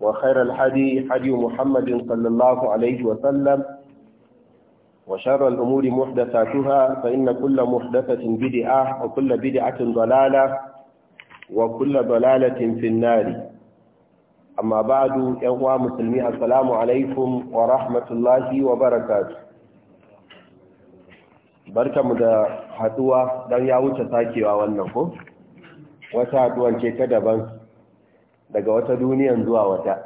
وخير الحدي حدي محمد صلى الله عليه وسلم وشر الأمور محدثاتها فإن كل محدثة بدعة وكل بدعة ضلالة وكل ضلالة في النار أما بعد يا مسلمي السلام عليكم ورحمة الله وبركاته barkamu da haduwa don ya wuce sakewa wannan ko wata haduwan ce ta daban daga wata duniyan zuwa wata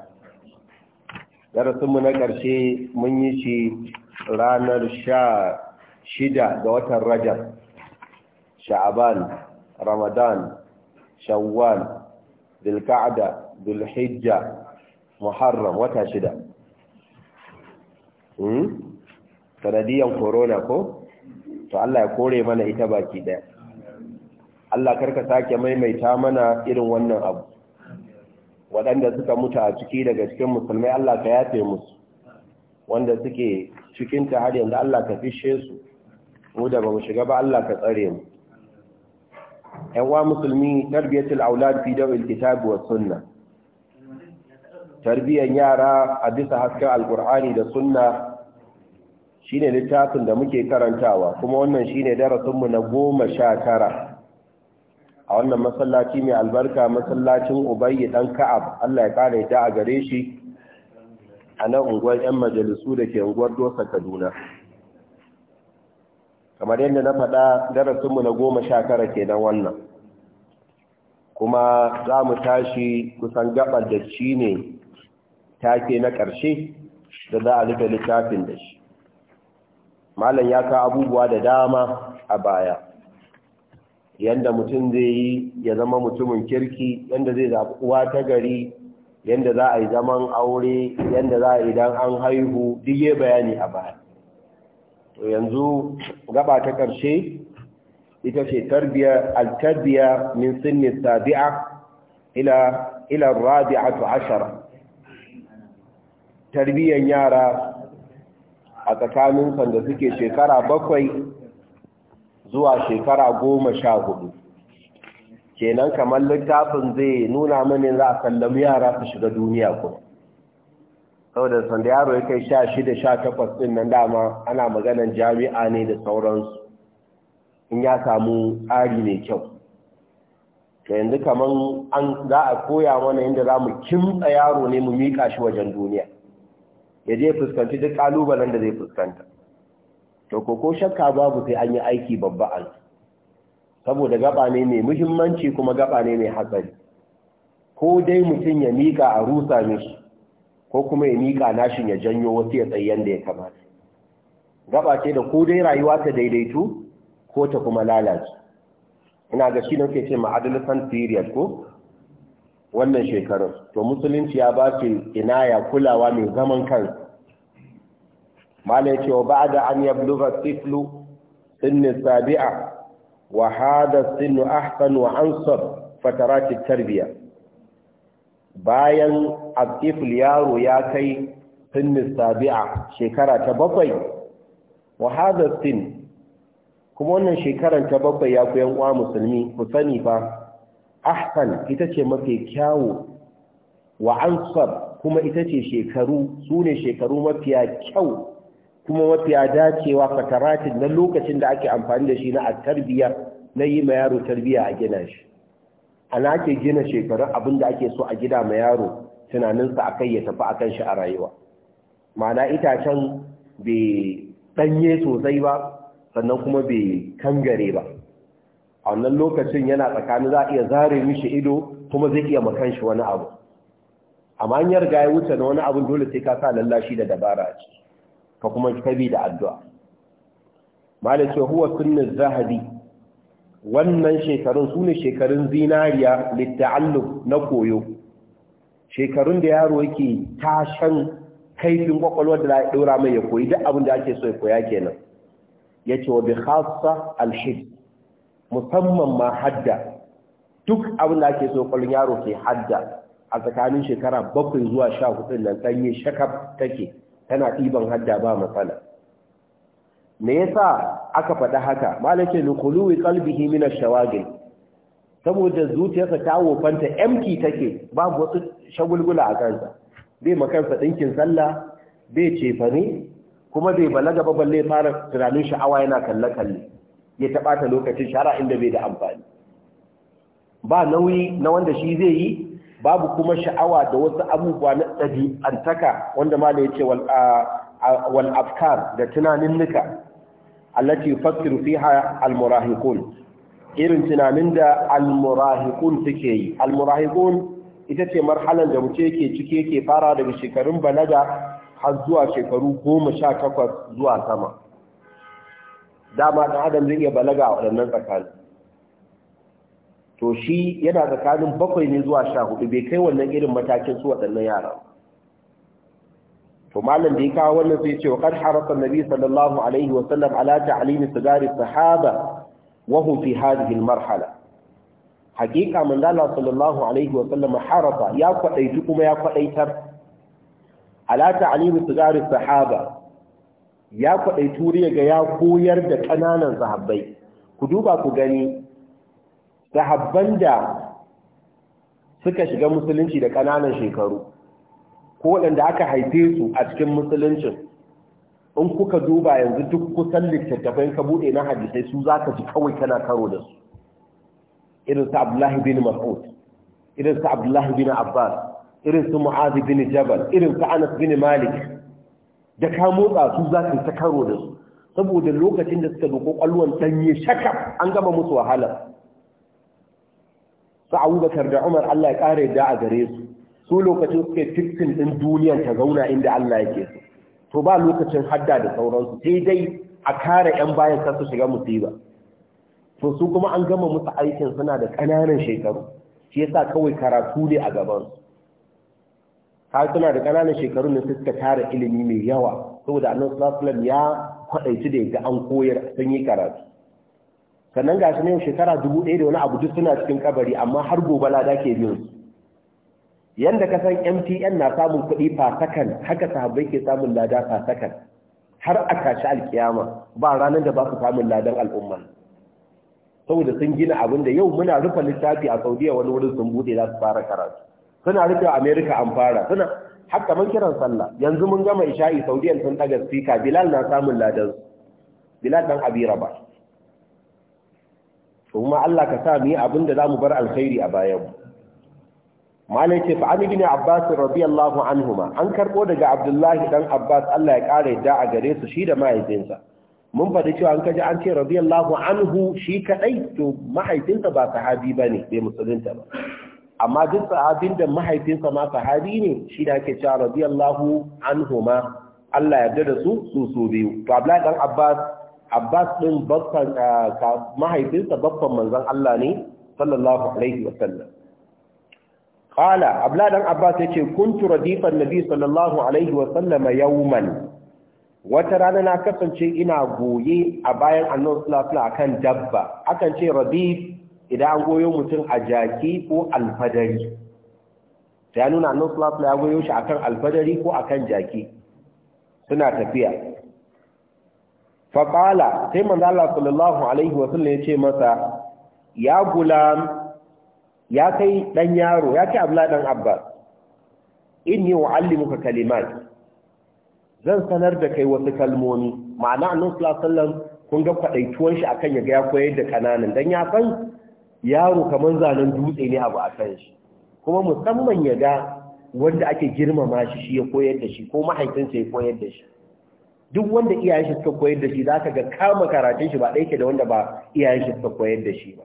darasinmu na ƙarshe mun yi shi ranar sha shida ga watan rajar sha'aban ramadan shawwal dilka'ada dilhijja muharram wata shida hmm? sanadiyan korona ko to Allah ya kore mana ita baki ɗaya. Allah karka sake maimaita mana irin wannan abu waɗanda suka mutu a ciki daga cikin musulmai Allah ka yafe musu wanda suke cikinta har yanzu Allah ka fishe su mu da bamu mu shiga ba Allah ka tsare mu ƴan uwa musulmi tarbiyatul aulad fi dawil kitab wa sunna tarbiyan yara a bisa hasken alqur'ani da sunna shine littafin da muke karantawa kuma wannan shine darasin mu na goma sha tara a wannan masallaci mai albarka masallacin ubayyi dan ka'ab Allah ya kare ta a gare shi a nan unguwar 'yan majalisu da ke unguwar dosa kaduna kamar yadda na faɗa darasinmu na goma sha tara kenan wannan kuma za mu tashi kusan gabar da shi ne take na ƙarshe da za a rufe littafin da shi malam ya ka abubuwa da dama a baya yanda mutum zai yi ya zama mutumin kirki yanda zai zaɓi uwa ta gari yanda za a yi zaman aure yanda za a idan an haihu duk bayani a baya to yanzu gaba ta ƙarshe ita ce tarbiya al-tarbiya min sinni sabi'a ila ila rabi'atu ashara tarbiyan yara a tsakanin sanda suke shekara bakwai zuwa shekara goma sha hudu kenan kamar littafin zai nuna mani za a sallami yara su shiga duniya kuma saboda sanda yaro ya kai sha shida sha takwas ɗin nan dama ana maganan jami'a ne da sauransu in ya samu tsari mai kyau to yanzu kamar an za a koya mana yadda za mu kimtsa yaro ne mu miƙa shi wajen duniya ya je fuskanci duk ƙalubalen da zai fuskanta to ko ko shakka babu sai an yi aiki babba an saboda gaba ne mai muhimmanci kuma gaba ne mai hatsari ko dai mutum ya miƙa a rusa mishi ko kuma ya miƙa nashin ya janyo wasu ya tsayyan da ya kamata gaba ce da ko dai rayuwa ta daidaito ko ta kuma lalace ina ga shi nake ce ma'adalisan period ko wannan shekarun to musulunci ya ba ce inaya kulawa mai zaman kansa malai ce wa da an yablugha tiflu sinni sabi'a wa hada sinnu ahsan wa ansar fatarati tarbiya bayan atiful yaro ya kai sinni sabi'a shekara ta bakwai wa hada sin kuma wannan shekarar ta bakwai ya ku musulmi ku sani ba. ahsan ita ce mafi kyawu wa ansar kuma ita ce shekaru su ne shekaru mafiya kyau kuma mafiya dacewa fataratin na lokacin da ake amfani da shi na a tarbiya na yi ma yaro tarbiya a gina shi ana ake gina shekarun abin da ake so a gida ma yaro tunaninsa kai ya tafi akan shi a rayuwa ma'ana itacen bai danye sosai ba sannan kuma bai kangare ba a wannan lokacin yana tsakanin za a iya zare mishi ido kuma zai iya makan shi wani abu amma an yarga ya wuce na wani abin dole sai ka sa lallashi da dabara a ciki ka kuma kabi da addu'a malai ce huwa sunnin zahabi wannan shekarun su shekarun zinariya litta'allum na koyo shekarun da yaro yake tashan kaifin kwakwalwar da a ɗora mai ya koyi duk abin da ake so ya koya kenan ya ce wa bi khassa alhib musamman ma hadda duk abin da ake so kwallon yaro ke hadda a tsakanin shekara bakwai zuwa sha hudu nan ɗanye shakaf take tana ɗiban hadda ba matsala me yasa aka faɗi haka malake lukhuluwi qalbihi min ash-shawagil saboda zuciyarsa ta wofanta empty take babu wasu shagulgula a kansa bai makansa ɗinkin sallah bai cefane kuma bai balaga ba balle fara tunanin sha'awa yana kalle-kalle ya taɓata lokacin shara inda bai da amfani ba nauyi na wanda shi zai yi babu kuma sha'awa da wasu abubuwa na ɗabi'antaka wanda ma da ya ce wal afkar da tunanin nika allati fakiru fiha almurahikun irin tunanin da almurahikun suke yi almurahikun ita ce marhalan da mutum yake ciki yake fara daga shekarun balaga har zuwa shekaru goma sha takwas zuwa sama dama ɗan adam zai iya balaga a waɗannan tsakanin to shi yana tsakanin bakwai ne zuwa sha hudu bai kai wannan irin matakin su waɗannan yara to malam da ya kawo wannan sai ce wa kan harasa nabi sallallahu alaihi wa sallam ala ta'limi sigari sahaba wa hum fi hadhihi marhala hakika manzo Allah sallallahu alaihi wa sallam harasa ya kwadaitu kuma ya kwadaitar ala ta'limi sigari sahaba ya kwadaitu riya ya koyar da kananan sahabbai ku duba ku gani sahabban da suka shiga musulunci da ƙananan shekaru ko waɗanda aka haife su a cikin musuluncin in kuka duba yanzu duk kusan littattafai ka buɗe na hadisai su za ka ji kawai kana karo da su irin su abdullahi bin mas'ud irin su abdullahi bin abbas irin su mu'azi bin jabal irin su anas bin malik da ka motsa su za ka ta karo da su saboda lokacin da suka zo kwakwalwan ɗanye shakaf an gama musu wahala su abubakar da umar Allah ya ƙara yadda a gare su su lokacin suke tiktin ɗin duniyan ta zauna inda Allah yake su to ba lokacin hadda da sauransu sai dai a kare 'yan bayan kar su shiga musiba to su kuma an gama musu aikin suna da ƙananan shekaru shi yasa kawai karatu ne a gaban su har suna da ƙananan shekaru ne suka tara ilimi mai yawa saboda annabi sallallahu alaihi wasallam ya kwaɗaici da yadda an koyar sun yi karatu sannan ga shi ne shekara dubu ɗaya da wani abu duk suna cikin kabari amma har gobe lada ke biyun yanda ka san MTN na samun kuɗi fa fasakan haka sahabbai ke samun lada fa sakan har a kashi alkiyama ba ranar da ba su samun ladan al'umma saboda sun gina abin da yau muna rufe littafi a Saudiya wani wurin sun bude za su fara karatu suna rufe America an fara suna har kamar kiran sallah yanzu mun gama isha'i saudiya sun daga speaker Bilal na samun ladan Bilal dan Abi Rabah to kuma Allah ka sa mu yi abin da zamu bar alkhairi a bayan malai ce fa ani bin abbas radiyallahu anhuma an karbo daga abdullahi dan abbas Allah ya kare da a gare su shi da mahaifinsa mun faɗi cewa an kaji an ce radiyallahu anhu shi kadai to mahaifinsa ba sahabi bane bai musulunta ba amma duk sahabin da mahaifinsa ma sahabi ne shi da ake cewa radiyallahu anhuma Allah ya yarda da su su su biyu to Abdullahi dan Abbas Abbas ɗin babban ah, mahaifinsa babban manzon Allah ne sallallahu alaihi wasallam qala abla dan Abbas yace kuntu radifan nabi sallallahu alaihi wasallam yawman wata rana na kasance ina goye a bayan annon sulafula akan dabba akan ce radif idan an goyo mutum a jaki ko alfadari ta nuna annon sula ya goyo shi akan alfadari ko akan jaki suna tafiya faƙala sai manzo Allah sallallahu alaihi wa sallam ya ce masa ya gulam ya kai dan yaro ya ce abla dan abba inni uallimuka kalimat zan sanar da kai wasu kalmomi ma'ana annabi sallallahu alaihi wasallam kun ga kwadaituwan shi akan yaga ya koyar da kananan dan ya san yaro kaman zanen dutse ne abu akan shi kuma musamman ya wanda ake girmama shi shi ya koyar da shi ko mahaifinsa ya koyar da shi duk wanda iyayen shi suka koyar da shi ka ga kama karatun shi ba ɗaya ke da wanda ba iyayen shi suka koyar da shi ba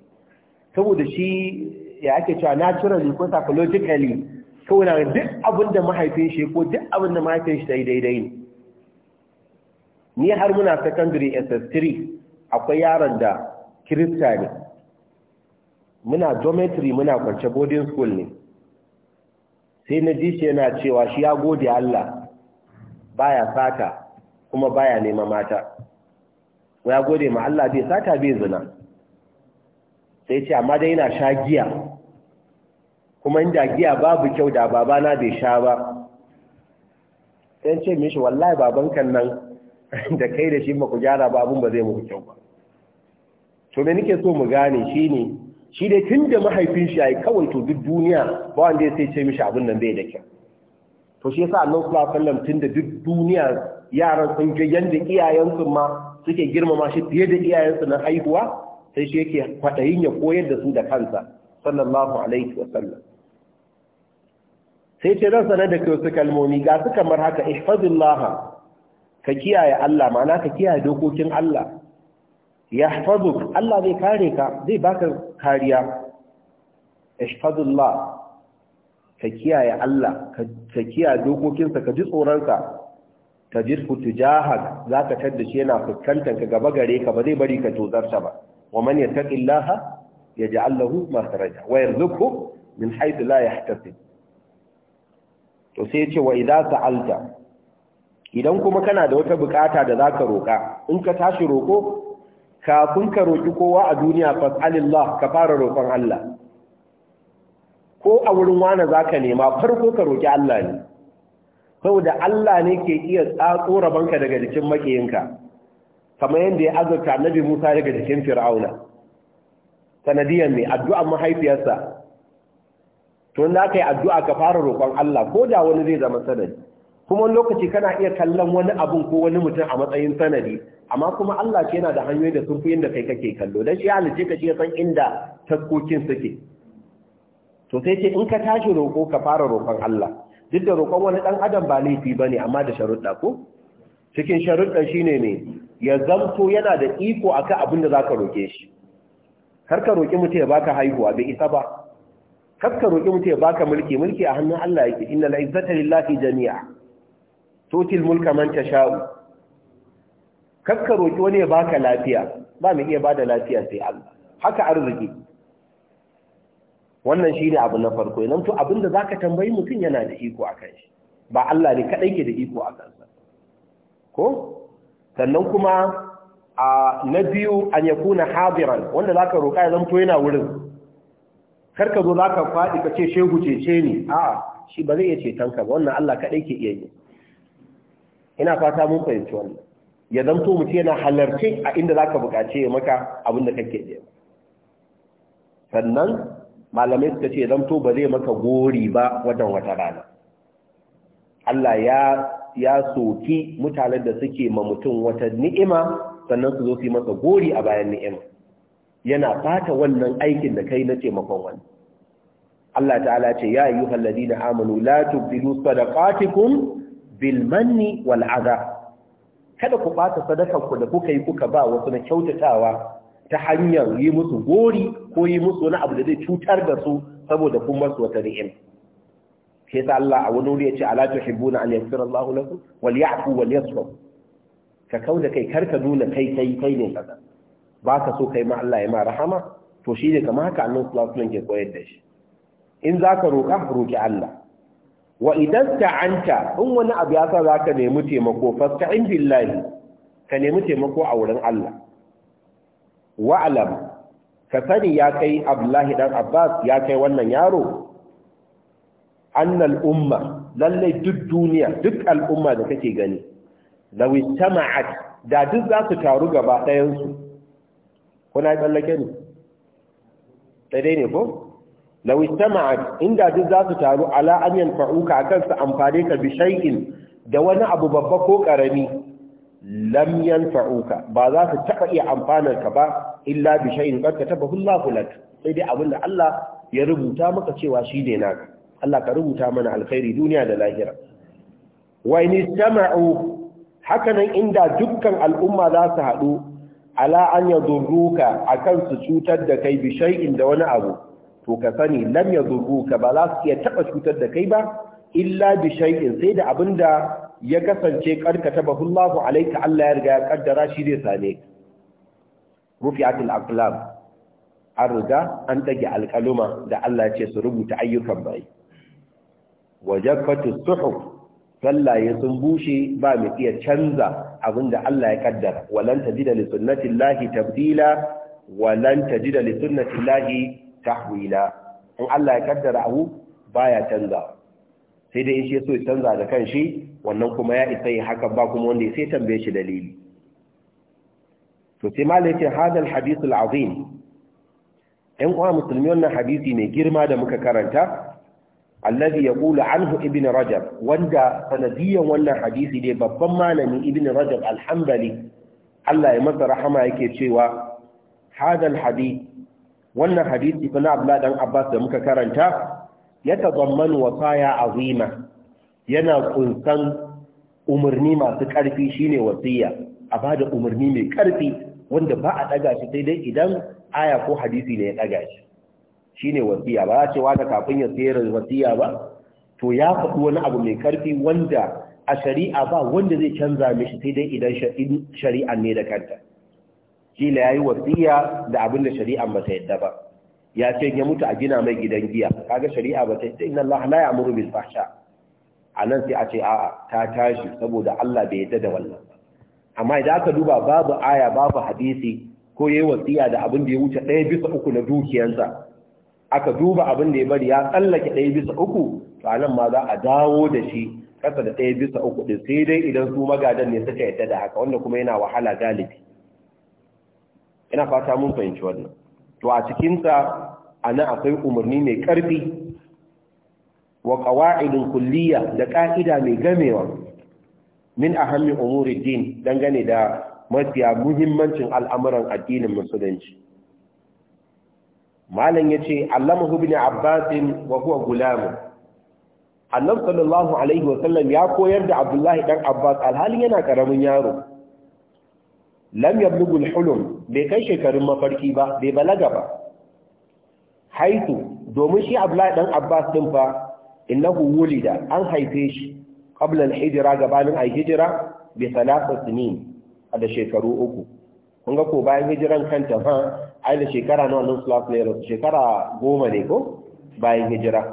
saboda shi ya ake cewa naturally ko psychologically kawai na duk abin da mahaifin shi ko duk abin da mahaifin shi dai daidai ne ni har muna secondary ss3 akwai yaron da kirista ne muna geometry muna kwance boarding school ne sai na ji shi yana cewa shi ya gode Allah baya sata kuma baya neman mata ya gode ma Allah bai sata bai zina sai ce amma dai yana sha giya kuma inda giya babu kyau da babana bai sha ba sai ce mishi wallahi babankan nan da kai da shi ba ku gyara ba ba zai muku kyau ba to me nake so mu gane shine shi dai tun da mahaifin shi yayi kawai to duk duniya ba wanda ya sai ce mishi abun nan bai da kyau to shi yasa Allah sallallahu alaihi wasallam tun da duk duniya yaran sun ga yanda iyayensu ma suke girmama shi fiye da iyayensu na haihuwa sai shi yake kwaɗayin ya koyar da su da kansa sallallahu alaihi wa sallam sai ce zan sanar da kai wasu kalmomi ga su kamar haka ihfazillah ka kiyaye Allah ma'ana ka kiyaye dokokin Allah yahfazuk Allah zai kare ka zai baka kariya ihfazillah ka kiyaye Allah ka kiyaye dokokinsa ka ji tsoronsa tajidhu tujahak zaka tadda shi yana fuskantar ka gaba gare ka ba zai bari ka tozarta ba wa man yattaqillaha yaj'al lahu makhraja wa yarzuqhu min haythu la yahtasib to sai ce wa idza sa'alta idan kuma kana da wata bukata da zaka roka in ka tashi roko kafin ka roki kowa a duniya fas'alillah ka fara rokon Allah ko a wurin wani zaka nema farko ka roki Allah ne saboda Allah ne ke iya tsatso rabanka daga jikin makiyinka kamar yadda ya azurta annabi Musa daga jikin Fir'auna sanadiyan ne addu'a mahaifiyarsa to na kai addu'a ka fara roƙon Allah ko da wani zai zama sanadi kuma wani lokaci kana iya kallon wani abun ko wani mutum a matsayin sanadi amma kuma Allah ke yana da hanyoyi da sun fi inda kai kake kallo dan shi halice ka ce san inda taskokin suke to sai ce in ka tashi roƙo ka fara roƙon Allah duk da roƙon wani ɗan adam ba laifi ba ne amma da sharuɗa ko cikin sharuɗa shi ne ne ya zamto yana da iko a kan abin da za ka roƙe shi kar ka roƙi mutu ya baka haihuwa bai isa ba har ka roƙi mutu ya baka mulki mulki a hannun Allah yake inna la lillahi jami'a totil mulka man tasha'u kar ka roƙi wani ya baka lafiya ba mai iya bada lafiya sai Allah haka arziki wannan shi ne abu na farko idan to abin da za ka tambayi mutum yana da iko a kan shi ba Allah ne kaɗai ke da iko a kansa ko sannan kuma a na biyu an yakuna kuna wanda za ka roƙa ya zanto yana wurin kar ka zo za ka faɗi ka ce shehu cece ni a shi ba zai iya ceton ka ba wannan Allah kaɗai ke iya yi ina fata mun fahimci wannan ya zamto mutum yana halarci a inda za ka buƙace maka abin da kake nema sannan malamai suka ce zamto ba zai maka gori ba wadan wata rana Allah ya ya soki mutanen da suke ma mutum wata ni'ima sannan su zo su yi masa gori a bayan ni'ima yana fata wannan aikin da kai na taimakon wani Allah ta'ala ce ya ayyuha alladhina amanu la tubdilu sadaqatikum bil manni wal adha kada ku bata sadakar ku da kuka yi kuka ba wasu na kyautatawa ta hanyar yi musu gori ko yi musu wani abu da zai cutar da su saboda kun masu wata ni'im sai sa Allah a wani wuri ya ce ala tuhibbuna an yaghfira Allahu lakum wal ya'fu wal yasfahu ka kauda kai karka nuna kai kai kai ne kaza ba ka so kai ma Allah ya ma rahama to shi ne kamar haka annabi sallallahu alaihi wasallam ke koyar da shi in zaka roka, roki Allah wa idan ta'anta in wani abu ya sa zaka nemi taimako fasta'in billahi ka nemi taimako a wurin Allah wa'alam ka sani ya kai abdullahi dan abbas ya kai wannan yaro annal umma lallai duk duniya duk al'umma da kake gani lawi tama'at da duk za su taru gaba ɗayansu kuna tsallake ne daidai ne ko lawi tama'at inda duk za su taru ala an yanfa'uka akan su amfane ka bi shay'in da wani abu babba ko karami lam yanfa'uka ba za su taba iya amfanar ka ba illa bi shay'in qad katabahu lak sai dai abin da Allah ya rubuta maka cewa shi ne naka Allah ka rubuta mana alkhairi duniya da lahira wa in istama'u hakanan inda dukkan al'umma za su haɗu ala an yadurruka akan su cutar da kai bi shay'in da wani abu to ka sani lam yadurruka ba za su iya taba cutar da kai ba illa bi shay'in sai da abinda ya kasance karkata bahullahu alaika Allah ya riga ya kaddara shi zai same ka rufi'atul aqlam an riga an dage alƙaluma da Allah ya ce su rubuta ayyukan bai wajaffatu suhuf sallaye sun bushe ba mu iya canza abinda Allah ya kaddara walan tajida li sunnatillahi tabdila walan tajida li sunnatillahi tahwila in Allah ya kaddara abu baya canzawa sai dai in shi so ya canza da kan shi wannan kuma ya isa yi haka ba kuma wanda ya sai tambaye shi dalili to sai malai ce hadal hadithul azim ɗan uwa musulmi wannan hadisi mai girma da muka karanta allazi kula anhu ibn rajab wanda sanadiyan wannan hadisi dai babban malami ibn rajab alhambali Allah ya masa rahama yake cewa hadal hadith wannan hadisi fa na Abdullah dan Abbas da muka karanta Ya yatadammanu wasaya azima yana kunsan umarni masu ƙarfi shine wasiya a bada umarni mai ƙarfi wanda ba a ɗaga shi sai dai idan aya ko hadisi ne ya ɗaga shi shine wasiya ba ya ce wata kafin ya sayar wasiya ba to ya faɗi wani abu mai ƙarfi wanda a shari'a ba wanda zai canza mishi sai dai idan shari'a ne da kanta kila yayi wasiya da abin da shari'a ba ta yadda ba ya ce ya mutu a gina mai gidan giya kaga shari'a ba ta inna Allah la ya'muru bil fahsha anan sai a ce a'a ta tashi saboda Allah bai yadda da wannan amma idan aka duba babu aya babu hadisi ko yayi wasiya da abin da ya wuce daya bisa uku na dukiyarsa aka duba abin da ya bari ya tsallake ɗaya bisa uku to anan ma za a dawo da shi kasa da ɗaya bisa uku ɗin sai dai idan su magadan ne suka yadda da haka wanda kuma yana wahala galibi ina fata mun fahimci wannan to a cikinsa a nan akwai umarni mai ƙarfi wa ƙawa'idin kulliya da ƙa'ida mai gamewa min ahammi umuri din dangane da mafiya muhimmancin al'amuran addinin musulunci malam ya ce allamahu bin abbasin wa huwa gulamun annab sallallahu alaihi wasallam ya koyar da abdullahi ɗan abbas alhalin yana ƙaramin yaro lam bugul hulum bai kai shekarun mafarki ba bai balaga ba haitu domin shi abdullahi dan abbas din fa innahu wulida an haife shi qabla hijira, hijra gabanin hijira hijra bi thalathas sinin da shekaru uku kun ga ko bayan hijiran kanta fa ai da shekara nawa nan sulaf ne shekara goma ne ko bayan hijira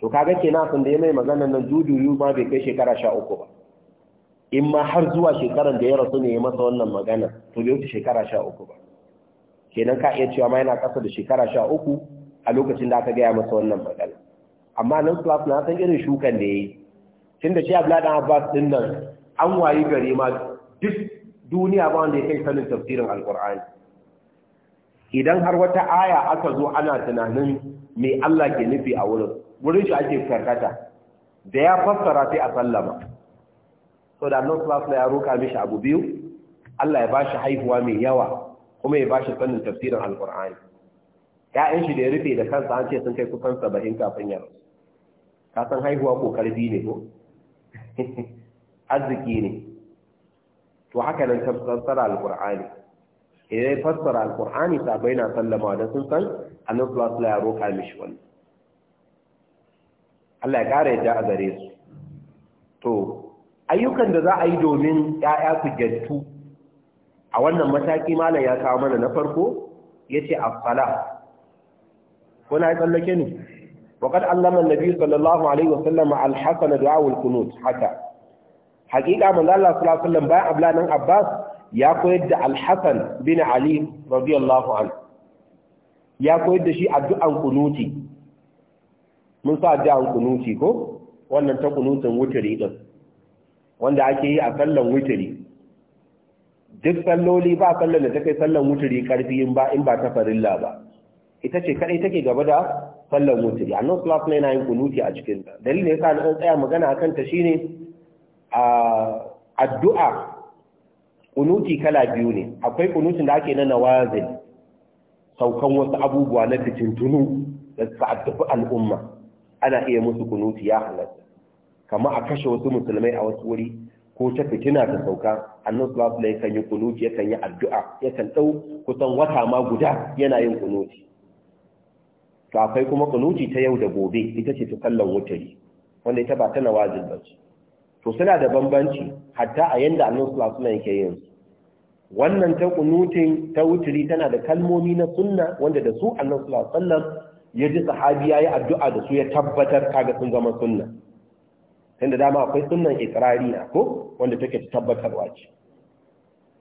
to kaga kenan sun da ya mai maganar nan jujuyu ma bai kai shekara sha uku ba in ma har zuwa shekaran da ya rasu ne ya masa wannan magana to bai wuce shekara sha uku ba kenan ka iya cewa ma yana kasa da shekara sha uku a lokacin da aka gaya masa wannan magana amma nan class na san irin shukan da yayi yi tun da shi abla dan abbas din nan an wayi gari ma duk duniya ba wanda ya kai sanin tafsirin alkur'ani idan har wata aya aka zo ana tunanin me Allah ke nufi a wurin wurin shi ake karkata da ya fassara sai a sallama da nan sallallahu alaihi ya roka mishi abu biyu Allah ya bashi haihuwa mai yawa kuma ya bashi sanin tafsirin alqur'ani ya'yan shi da ya rufe da kansa an ce sun kai kusan 70 kafin ya ka san haihuwa ko karfi ne ko arziki ne to haka nan tafsara alqur'ani idan fassara alqur'ani sabai na sallama da sun san annabi sallallahu ya roka mishi wannan Allah ya kare ja a gare su to ayyukan da za a yi domin ‘ya'ya ku gyattu a wannan mataki malam ya kawo mana na farko ya ce afala kuna yi tsallake ne waƙar allaman nabi sallallahu alaihi wasallama alhassana da'awul kunut haka haƙiƙa manzala sallallahu alaihi bayan ablanan abbas ya koyar da alhassan bin ali radiyallahu an ya koyar da shi addu'an kunuti mun sa addu'an kunuti ko wannan ta kunutin wuturi din wanda ake yi a sallan wuturi duk salloli ba sallan da ta kai sallan wuturi karfi in ba in ba ta farilla ba ita ce kadai take gaba da sallan wuturi annabi sallallahu alaihi wasallam yana yin kunuti a cikin ta dalilin yasa na tsaya magana akan ta shine a addu'a kunuti kala biyu ne akwai kunutin da ake na nawazil saukan wasu abubuwa na fitintunu da su addu'a al'umma ana iya musu kunuti ya halatta kama a kashe wasu musulmai a wasu wuri ko ta fitina ta sauka annabi sallallahu alaihi wasallam yakan yi kunuti yakan yi addu'a yakan dau kusan wata ma guda yana yin kunuti to akwai kuma kunuti ta yau da gobe ita ce ta sallan wutari wanda ita ba ta nawazil ba ce to suna da bambanci hatta a yanda annabi sallallahu alaihi wasallam yake yin wannan ta kunutin ta wuturi tana da kalmomi na sunna wanda da su annabi sallallahu alaihi ya ji sahabi yayi addu'a da su ya tabbatar kaga sun zama sunna inda dama akwai sunnan ikrariya ko wanda take tabbatarwa ce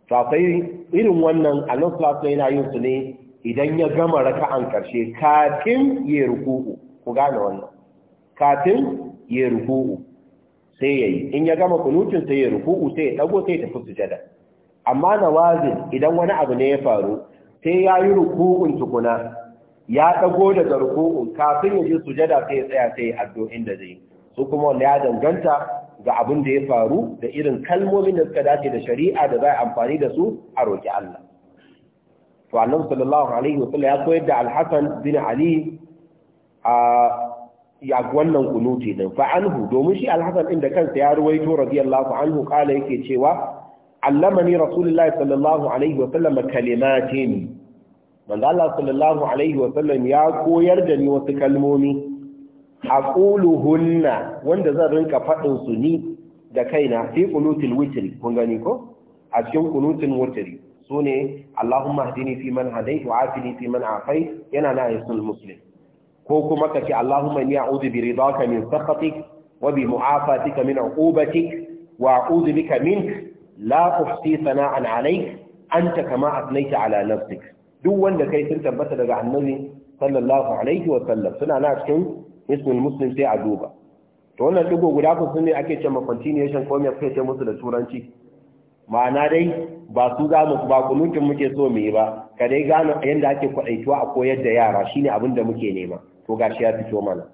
to akwai irin wannan annabi sallallahu alaihi yana yin su ne idan ya gama raka'an karshe kafin ya ruku'u ku gane wannan kafin ya ruku'u sai yayi in ya gama kunutun sai ya ruku'u sai ya dago sai ya tafi sujada amma nawazin idan wani abu ne ya faru sai ya yi ruku'un tukuna ya dago daga ruku'un kafin ya je sujada sai ya tsaya sai ya addu'in da zai yi su kuma wanda ya danganta ga abin da ya faru da irin kalmomin da suka dace da shari'a da za a amfani da su a roƙi Allah to Allah sallallahu alaihi sallam ya koyar da al-Hasan bin Ali a ya wannan kunuti din fa anhu domin shi al-Hasan din da kansa ya ruwaito radiyallahu anhu kala yake cewa allamani rasulullahi sallallahu alaihi wa sallam kalimatin manzo Allah sallallahu alaihi wa sallam ya koyar da ni wasu kalmomi aquluhunna wanda zan rinka faɗin su ni da kaina fi qunutil witri kun gani ko a cikin qunutin witri sune Allahumma hdini fi man hadayt wa afini fi man afayt yana na yasul muslim ko kuma kace Allahumma inni a'udhu bi ridaka min sakhatik wa bi mu'afatika min 'uqubatik wa a'udhu bika mink la uhsi sana'an 'alayk anta kama athnayta 'ala nafsik duk wanda kai sun tabbata daga annabi sallallahu alaihi wa sallam suna na cikin ismul muslim sai a duba to wannan digo guda ku sun ne ake ce ma continuation ko me kai ce musu da turanci ma'ana dai ba su za mu ba kunutin muke so mu yi ba ka dai gano yanda ake kwadaituwa a koyar da yara shine abin da muke nema to gashi ya fito mana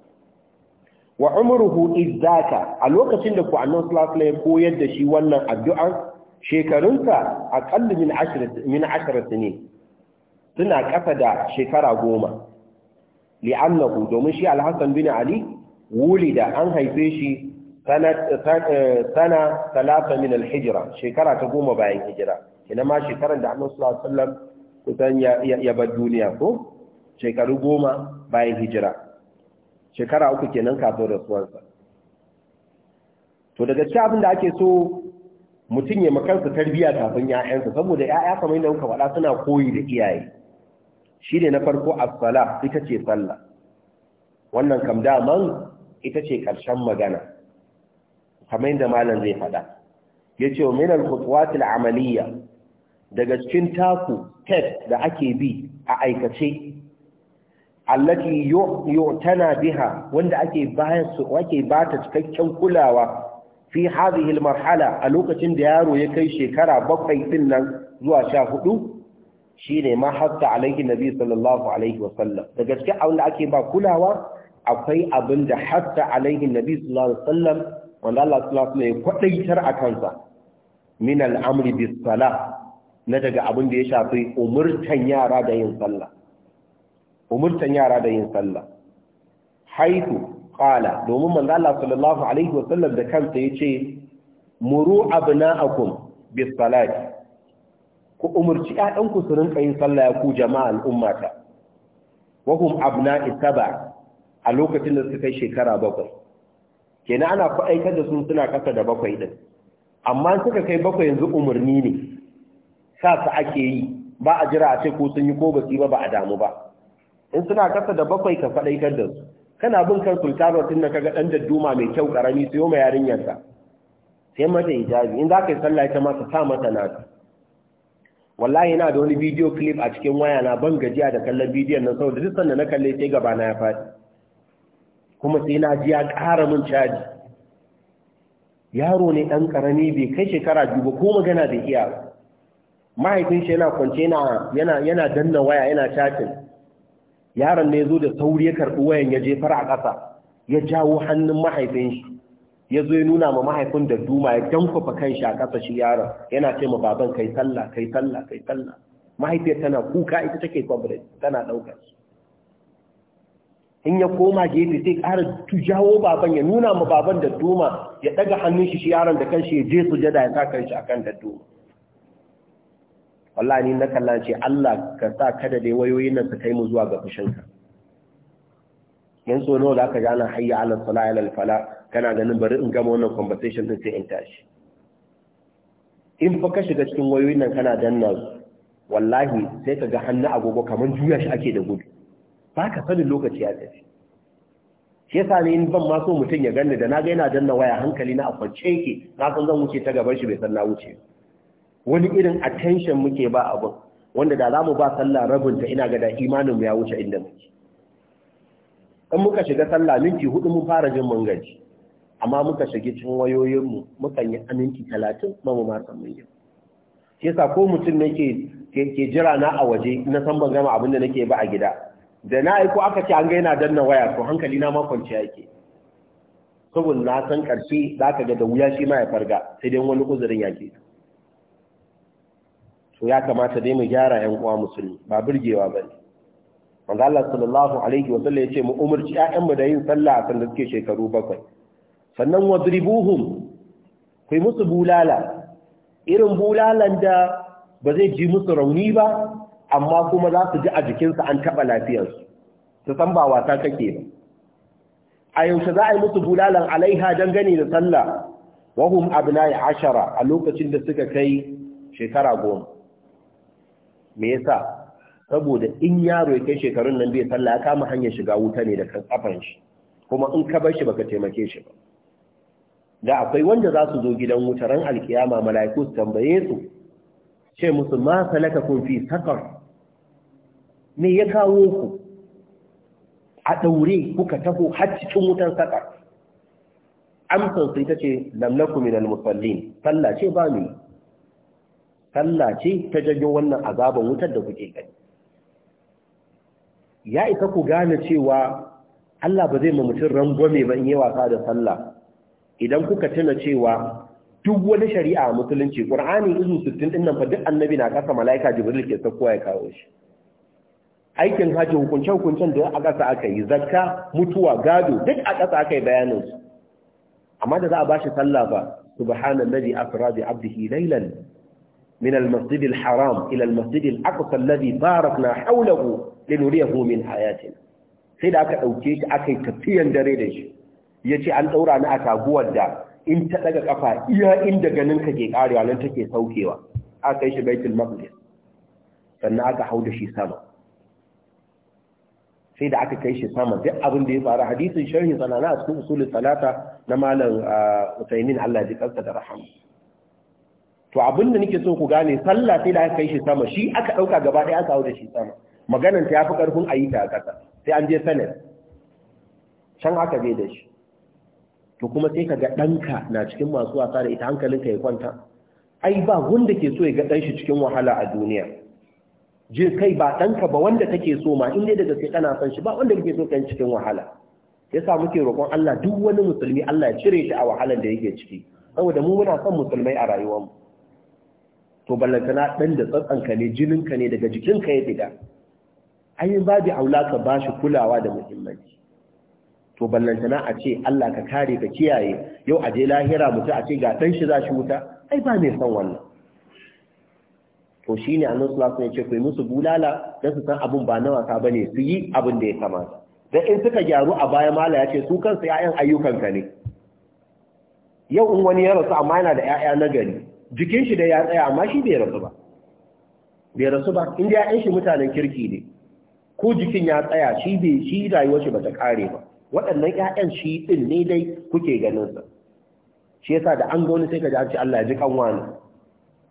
wa umruhu izzaka a lokacin da ku annabi sallallahu alaihi koyar da shi wannan addu'an shekarunsa aqallu min 10 min 10 suna kafa da shekara goma li'annahu domin shi Alhassan bin Ali wulida an haife shi sana talata min al shekara ta goma bayan hijira Ina ma shekaran da Annabi sallallahu alaihi wasallam kusan ya bar duniya ko shekaru goma bayan hijira shekara uku kenan kafin rasuwarsa to daga cikin abin da ake so mutum ya makansa tarbiyya kafin 'ya'yansa saboda 'ya'ya kamar yadda muka faɗa suna koyi da iyaye Shi ne na farko as ita ce sallah wannan kam daman ita ce ƙarshen magana kamar yadda malam zai faɗa yace wa min al-khutuwat amaliyya daga cikin taku test da ake bi a aikace allati tana biha wanda ake bayar su bata cikakken kulawa fi hadhihi al-marhala a lokacin da yaro ya kai shekara bakwai din nan zuwa sha hudu Shi ne ma hatta alaihi nabi sallallahu alaihi wasallam da gaske abin da ake ba kulawa akwai abin da hatta alaihi nabi sallallahu alaihi wasallam wanda Allah sallallahu alaihi wasallam ya kwadaitar a kansa min al'amri bis sala na daga abin da ya shafi umurtan yara da yin sallah umurtan yara da yin sallah haitu qala domin manzo Allah sallallahu alaihi wasallam da kansa yace muru abna'akum bis salati ku umarci 'ya'yan su rinka yin sallah ya ku jama'a al'ummata wahum abna'i saba a lokacin da suka kai shekara bakwai kenan ana aikar da sun suna ƙasa da bakwai din amma suka kai bakwai yanzu umarni ne sa su ake yi ba a jira a ce ko sun yi ko basi ba ba a damu ba in suna kasa da bakwai ka faɗaikar da su kana bin kan sultanar tun da kaga ɗan dadduma mai kyau ƙarami siyo ma yarinyarsa sai mata hijabi in za ka yi sallah ita ma ka sa mata nasu. wallahi yana da wani bidiyo clip a cikin waya na ban gajiya da kallon bidiyon nan saboda duk sanda na kalle sai gaba na ya fadi kuma sai na ji ya ƙara mun caji yaro ne ɗan ƙarami bai kai shekara biyu ba ko magana da iya mahaifin shi yana kwance yana yana danna waya yana shafin. yaron ne ya zo da sauri ya karɓi wayan ya jefar a ƙasa ya jawo hannun mahaifin shi ya zo ya nuna ma mahaifin da duma ya jankwafa kan shi a ƙasa shi yaron yana ce ma baban kai sallah kai sallah kai sallah mahaifiyar tana kuka ita take kwabre tana ɗaukar su in ya koma gefe sai ƙara jawo baban ya nuna ma baban da duma ya ɗaga hannun shi shi yaron da kanshi ya je su jada ya sa kan shi akan da duma wallahi ni na kalla ce Allah ka sa kada dai wayoyin nan su kai mu zuwa ga fushinka yan nawa zaka ga ana hayya ala salati al fala kana ganin bari in gama wannan conversation din sai in tashi in fa ka shiga cikin wayoyin nan kana danna wallahi sai ka ga hannu agogo kamar juya shi ake da gudu ba ka sanin lokaci ya tafi shi yasa ne in ban ma so mutum ya ganni da na ga yana danna waya hankali na a kwance yake na san zan wuce ta gaban shi bai san na wuce wani irin attention muke ba abin wanda da zamu ba sallah ta ina ga da imanin mu ya wuce inda muke in muka shiga sallah minti hudu mun fara jin mun gaji amma muka shige cikin wayoyinmu mukan yi aminci talatin mamu ma san shi yasa ko mutum na ke jira na a waje na san ban gama abin da nake ba a gida da na aiko aka ce an gaina yana danna waya to hankali na ma kwanciya yake saboda na san karfi za ka ga da wuya shi ma ya farga sai dai wani uzurin ke to ya kamata dai mu gyara yan uwa musulmi ba burgewa ne. manzo Allah sallallahu alaihi wa sallam ya ce mu umurci ƴaƴanmu da yin sallah a sanda suke shekaru bakwai sannan wadribuhum kai musu bulala irin bulalan da ba zai ji musu rauni ba amma kuma za su ji a jikinsu an taɓa lafiyar su san ba wasa kake ba a yaushe za a yi musu bulalan alaiha dangane da sallah wahum abnai ashara a lokacin da suka kai shekara goma me yasa saboda in yaro ya kai shekarun nan bai sallah ya kama hanyar shiga wuta ne da kan kafan shi kuma in ka bar shi baka taimake shi ba da akwai wanda za su zo gidan wuta ran alkiyama mala'iku su tambaye su ce musu ma salaka kun fi sakar me ya kawo ku a daure kuka taho har cikin wutan sakar amsar sai ta ce lamlaku min al-musallin sallah ce ba ni sallah ce ta janyo wannan azaban wutar da kuke gani ya isa ku gane cewa Allah ba zai ma mutum rangwame ba in yi wasa da sallah idan kuka tuna cewa duk wani shari'a a musulunci ƙur'ani izu 60 ɗin nan fa duk annabi na ƙasa mala'ika jibril ke saukowa ya kawo shi aikin hajji hukunce-hukuncen da a ƙasa aka yi zakka mutuwa gado duk a ƙasa aka yi bayaninsu amma da za a ba shi sallah ba subhana asra bi abdihi laylan min al-masjid al-haram ila al-masjid al-aqsa alladhi barakna hawlahu linuriyahu min hayatina sai da aka dauke shi aka yi tafiyan dare da shi ya ce an ɗaura ni a taguwar da in ta ɗaga ƙafa iya inda ganin ka ke ƙarewa nan take saukewa aka kai shi baitul maqdis sannan aka hau da shi sama sai da aka kai shi sama duk abin da ya faru hadisin sharhi sanana a cikin usulul salata na malam ah, Usaimin Allah ya ji kansa da rahama to abin da nake so ku gane sallah sai da aka kai shi sama shi aka ɗauka gaba ɗaya aka hau da shi sama maganan ta yafi ƙarfin ayyuka a ƙasa sai an je sanar can aka je da shi to kuma sai ka ga ɗanka na cikin masu wasa da ita hankalinka ya kwanta ai ba wanda ke so ya ga ɗan shi cikin wahala a duniya jin kai ba ɗanka ba wanda kake so ma in dai daga sai kana son shi ba wanda kake so kan cikin wahala yasa muke roƙon Allah duk wani musulmi Allah ya cire shi a wahalar da yake ciki saboda mu muna son musulmai a rayuwar mu to ballantana ɗan da ka ne jinin ka ne daga jikin ka ya diga ayin babu aula ka ba shi kulawa da muhimmanci to ballantana a ce Allah ka kare ka kiyaye yau aje lahira mutu a ce ga dan shi za shi wuta ai ba mai san wannan to shine annabi sallallahu alaihi wasallam ya ce ku musu bulala dan su san abun ba na wasa bane su yi abin da ya kamata dan in suka gyaru a baya mala ya ce su kansu ƴaƴan ayyukan ka ne yau in wani ya rasu amma yana da 'ya'ya na gari jikin shi da ya tsaya amma shi bai rasu ba bai rasu ba in da ƴaƴan shi mutanen kirki ne ko jikin ya tsaya shi bai shi rayuwar shi bata kare ba waɗannan ƴaƴan shi ɗin ne dai kuke ganin sa shi yasa da an ga wani sai ka ji an ce Allah ya ji kan wani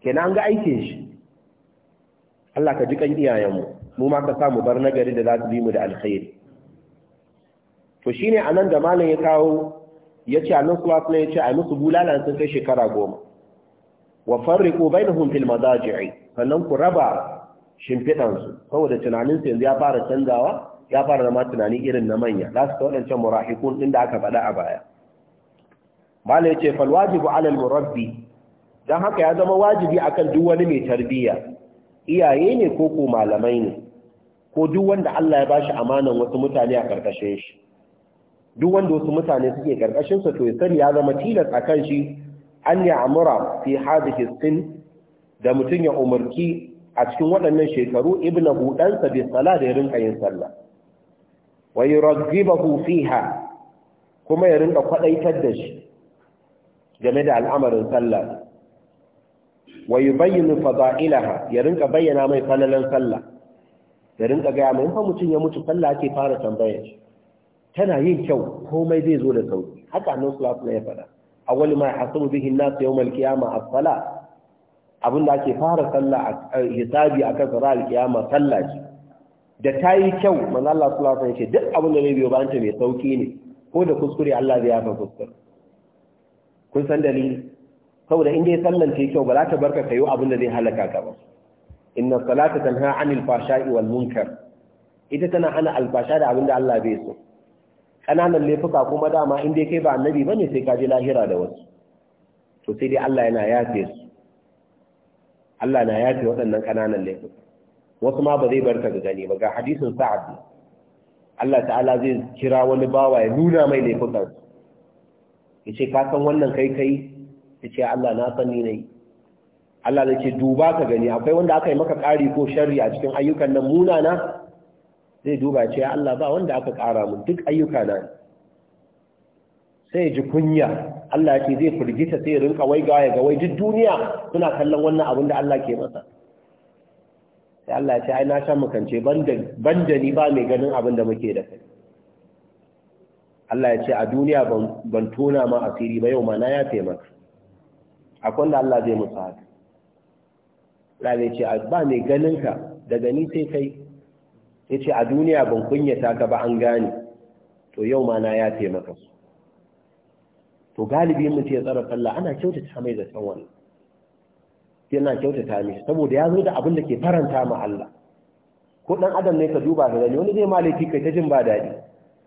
kenan an ga aikin shi Allah ka ji kan iyayenmu mu ma ka sa mu bar nagari da za su bi mu da alkhairi to shine anan da malam ya kawo ya ce annan kuwa ne ya ce a musu bulalan sun kai shekara goma wa farriqu bainahum fil madaji'i sannan ku raba su saboda su yanzu ya fara canzawa ya fara zama tunani irin na manya za su waɗancan murahikun ɗin da aka faɗa a baya mala ya ce falwajibu alal murabbi don haka ya zama wajibi akan duk wani mai tarbiyya iyaye ne ko ko malamai ne ko duk wanda Allah ya bashi amanan wasu mutane a karkashin shi duk wanda wasu mutane suke karkashin sa to ya ya zama tilas akan shi an ya amura fi hadhihi sin da mutum ya umurki a cikin waɗannan shekaru ibnu ɗansa bai sala da ya rinka yin sallah wa yuraghibahu fiha kuma ya rinka kwadaitar da shi game da al'amarin sallah wa yubayyinu fada'ilaha ya rinka bayyana mai falalan sallah ya rinka ga mai fa mutun ya mutu sallah ake fara tambaya shi tana yin kyau komai zai zo da sauki haka annabi sallallahu alaihi wasallam ya faɗa awwal ma hasabu bihi an-nas yawm al-qiyamah as-salah abinda ake fara sallah hisabi akan sarar al-qiyamah sallah ce da ta yi kyau manzo Allah sallallahu alaihi wasallam ce duk abin da zai biyo bayan ta mai sauki ne ko da kuskure Allah zai yafa kuskure kun san dalili saboda in dai sallanta yi kyau ba za ta barka ka yi abin da zai halaka ka ba inna salata tanha anil fashai wal munkar ita tana hana alfasha da abin da Allah bai so kananan laifuka kuma dama in dai kai ba annabi bane sai ka je lahira da wasu to sai dai Allah yana yafe su Allah na yafe waɗannan kananan laifuka wasu ma ba zai bar ka gani ba ga hadisin sa'ad Allah ta'ala zai kira wani bawa ya nuna mai laifukan ya ce ka san wannan kai kai ya Allah na san ni Allah zai ce duba ka gani akwai wanda aka yi maka ƙari ko sharri a cikin ayyukan nan munana zai duba ce Allah ba wanda aka ƙara mun duk ayyuka na sai ji kunya Allah ce zai firgita sai rinka waigawa ya ga wai duk duniya suna kallon wannan abin da Allah ke masa sai Allah ya ce ai na sha makance ban da ni ba mai ganin abin da muke da kai Allah ya ce a duniya ban tona ma asiri ba yau ma na ya taimaka akwai da Allah zai musa haka Allah ya ce ba mai ganin ka daga ni sai kai ya ce a duniya ban kunyata ka ba an gane to yau ma na ya taimaka su to galibi mutum ya tsara sallah ana kyautata mai da san wannan yana kyautata mishi saboda ya zo da abin da ke faranta ma Allah ko dan adam ne ka duba ka gani wani zai ma laifi kai ta jin ba daɗi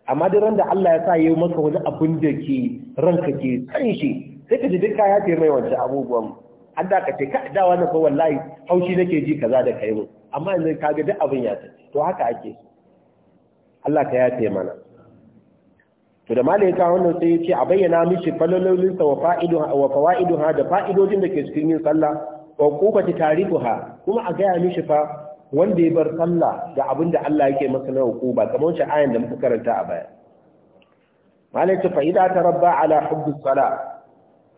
amma duk ran da Allah ya sa yayi maka wani abin da ke ranka ke san shi sai ka ji duka ya ce mai wancan abubuwan Allah ka ce ka da wani ko wallahi haushi nake ji kaza da kai mu amma yanzu ka ga duk abin ya ta to haka ake Allah ka yafe mana to da malai ka wannan sai ya ce a bayyana mishi falalolinsa wa fa'idu wa fawaidu ha da fa'idojin da ke cikin yin sallah wa kubati tarifuha kuma a gaya mishi fa wanda ya bar sallah da abin da Allah yake masa na hukuba kamar shi ayan da muka karanta a baya malaka ta fa'ida ta rabba ala hubbi sala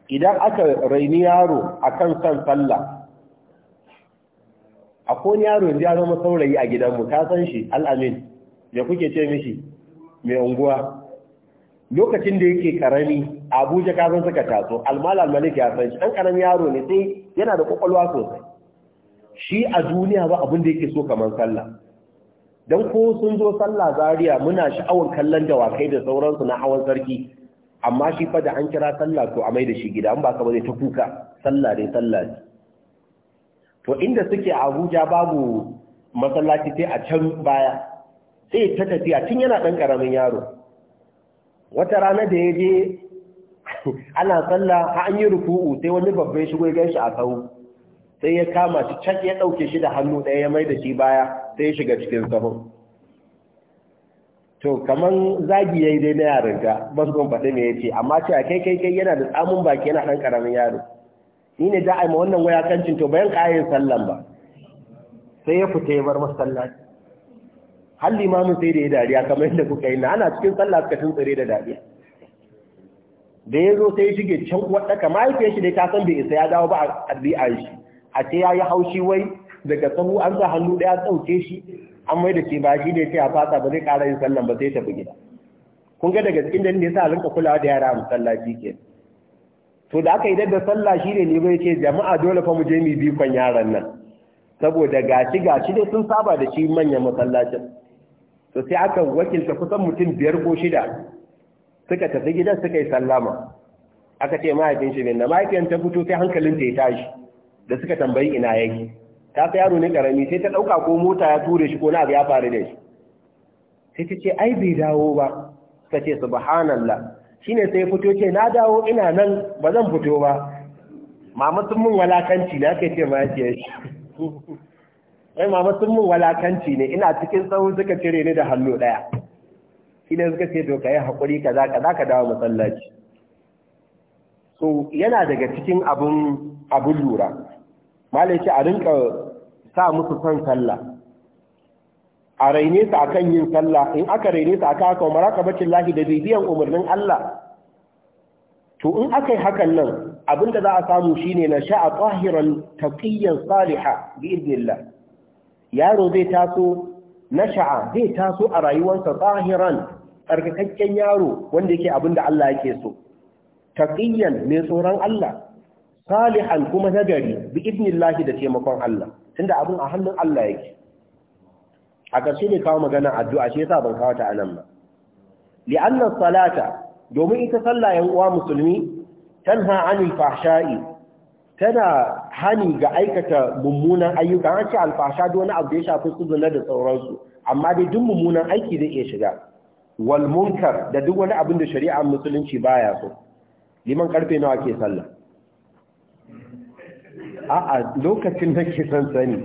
idan aka raini yaro akan san sallah akwai yaro yaro ya zama saurayi a gidanmu ka san shi al'amin me kuke ce mishi mai unguwa lokacin da yake karami abuja ka san suka taso almal almalik ya san shi dan karamin yaro ne sai yana da kokolwa sosai shi a duniya ba abin da yake so kamar sallah dan ko sun zo sallah Zariya muna sha'awar kallon dawakai da sauransu na hawan sarki amma shi fa da an kira sallah to a mai da shi gida an ba ka ba ta kuka sallah dai sallah ne to inda suke abuja babu masallaci sai a can baya sai ta tafiya tun yana ɗan karamin yaro wata rana da ya je ana tsalla an yi ruku'u sai wani babban shigo ya ganshi a sahu sai ya kama shi can ya ɗauke shi da hannu ɗaya ya mai da shi baya sai ya shiga cikin sahun to kaman zagi yayi dai na yaron ga ba su faɗi me yace amma ce a kai kai kai yana da tsamun baki yana ɗan ƙaramin yaro ni ne da ma wannan waya kancin to bayan ƙayin sallan ba sai ya fita ya bar masallaci hal limamin sai da ya dariya kamar yadda kuka yi na ana cikin sallah suka tuntsire da dariya da ya zo sai ya shige can waɗaka mahaifiyar shi dai ta san bai isa ya dawo ba a ɗabi'ar shi a ce ya yi haushi wai daga sahu an sa hannu ɗaya tsauke shi an mai da ce ba shi ne sai a fasa ba zai ƙara yin sallan ba sai tafi gida kun ga daga cikin dalilin sa rinka kulawa da yara a masallaci ke to da aka yi da sallah shi ne ne bai ce jama'a dole fa mu je mu bikon yaran nan saboda gashi gashi dai sun saba da shi manyan masallacin to sai aka wakilta kusan mutum biyar ko shida suka tafi gidan suka yi sallama aka ce mahaifin shi na mahaifiyar ta fito sai hankalin ta ya tashi da suka tambayi ina yake ta sai yaro ne karami sai ta dauka ko mota ya ture shi ko na abu ya faru da shi sai ta ce ai bai dawo ba ta ce subhanallah shine sai fito ce na dawo ina nan ba zan fito ba mama sun mun walakanci na kai ce mahaifiyar shi ai mama sun mun walakanci ne ina cikin tsawon suka cire ni da hannu daya idan suka ce to ka yi haƙuri kaza kaza ka dawo masallaci so yana daga cikin abun abun lura malai a rinka sa musu son sallah a raine su akan yin sallah in aka raine su aka haka marakabacin lahi da bibiyan umarnin Allah to in aka yi hakan nan abin da za a samu shine na sha'a tahiran taqiyyan saliha bi idnillah yaro zai taso nasha'a zai taso a rayuwarsa tsahiran tsarkakakken yaro wanda yake abin da Allah yake so taqiyan ne tsoron Allah salihan kuma nagari bi idnillahi da taimakon Allah tunda abin a hannun Allah yake a ƙarshe ne kawo magana addu'a shi yasa ban kawo ta anan ba li'anna salata domin ita sallah yan uwa musulmi tanha anil fahsha'i tana hani ga aikata mummunan ayyuka an ce alfasha da abu da ya shafi su da sauransu amma dai duk mummunan aiki zai iya shiga wal munkar da duk wani abin da shari'ar musulunci baya so liman karfe nawa ke sallah a'a lokacin da ke san sani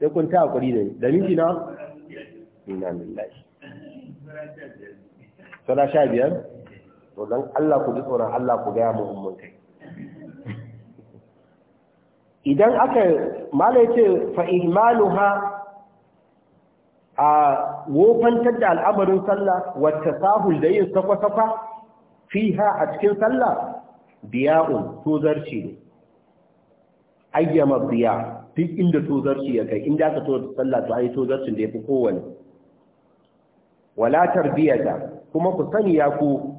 sai kun ta hakuri da da miji na inna lillahi sala sha biyar to dan Allah ku ji tsoron Allah ku ga mu kai idan aka mala ce fa ihmaluha a wofantar da al'amarin sallah wata sahul da yin sakwa-sakwa ha a cikin sallah biya'un tozarci ne ayyama biya duk inda tozarci ya kai inda aka tozar sallah to ai tozarcin da ya fi kowane wala da kuma ku sani ya ku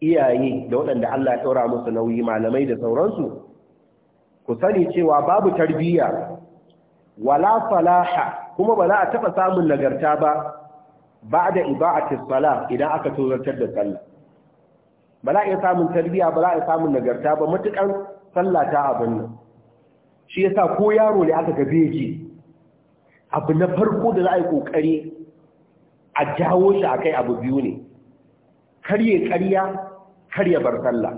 iyaye da waɗanda Allah ya ɗaura musu nauyi malamai da sauransu ku sani cewa babu tarbiyya wala falaha kuma ba za a taɓa samun nagarta ba ba da iba'atis sala idan aka tozartar da sallah ba za a iya samun tarbiyya ba za a iya samun nagarta ba matukan sallah ta abin nan shi yasa ko yaro ne aka gabe ji abu na farko da za a yi ƙoƙari a jawo shi akai abu biyu ne karye karya karya bar sallah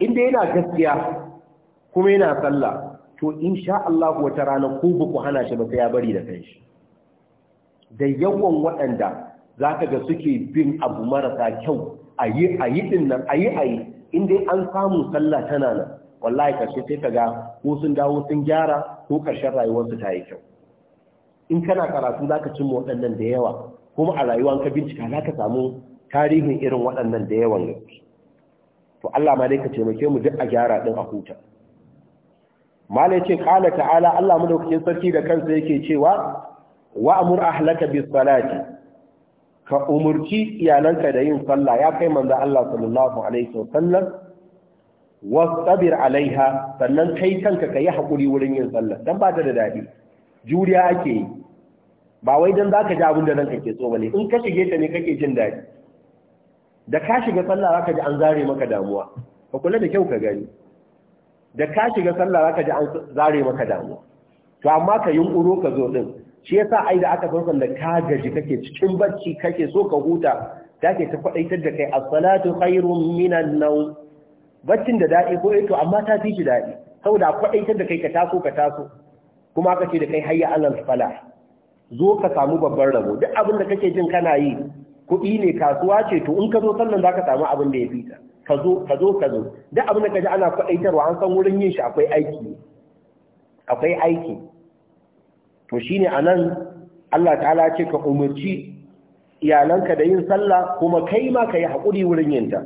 inda yana gaskiya kuma yana sallah to in sha Allah wata rana ku baku hana shi ba sai ya bari da kanshi da yawan waɗanda za ka ga suke bin abu marasa kyau a yi a yi nan a yi a yi in dai an samu sallah tana nan wallahi karshe sai ka ga ko sun dawo sun gyara ko karshen rayuwarsu ta yi kyau in kana karatu za ka cimma waɗannan da yawa kuma a rayuwan ka bincika za ka samu tarihin irin waɗannan da yawan gaske to Allah ma dai ka taimake mu duk a gyara ɗin a huta malai ce kala ta'ala Allah madaukakin sarki da kansa yake cewa wa amur ahlaka bis salati ka umurci iyalanka da yin sallah ya kai manzo Allah sallallahu alaihi wasallam wastabir alaiha sannan kai kanka kai hakuri wurin yin sallah dan ba ta da dadi juriya ake yi ba wai dan zaka ji abin da ranka ke so bane in ka shige ta ne kake jin dadi da ka shiga sallah zaka ji an zare maka damuwa ka kula da kyau ka gani da ka shiga sallah zaka ji an zare maka damu? to amma ka yunkuro ka zo din shi yasa ai da aka farkon da ka gaji kake cikin bacci kake so ka huta take ta faɗaitar da kai as-salatu khairum minan nawm baccin da dadi ko eh amma ta fi shi dadi saboda faɗaitar da kai ka taso ka taso kuma ka ce da kai hayya alal falah zo ka samu babban rabo duk abin da kake jin kana yi kuɗi ne kasuwa ce to in ka zo sannan zaka samu abin da ya fita ka zo ka zo ka zo duk abin da kaji ana kwaɗaitarwa an san wurin yin shi akwai aiki akwai aiki to shine anan Allah ta'ala ce ka umarci iyalanka da yin sallah kuma kai ma ka yi haƙuri wurin yinta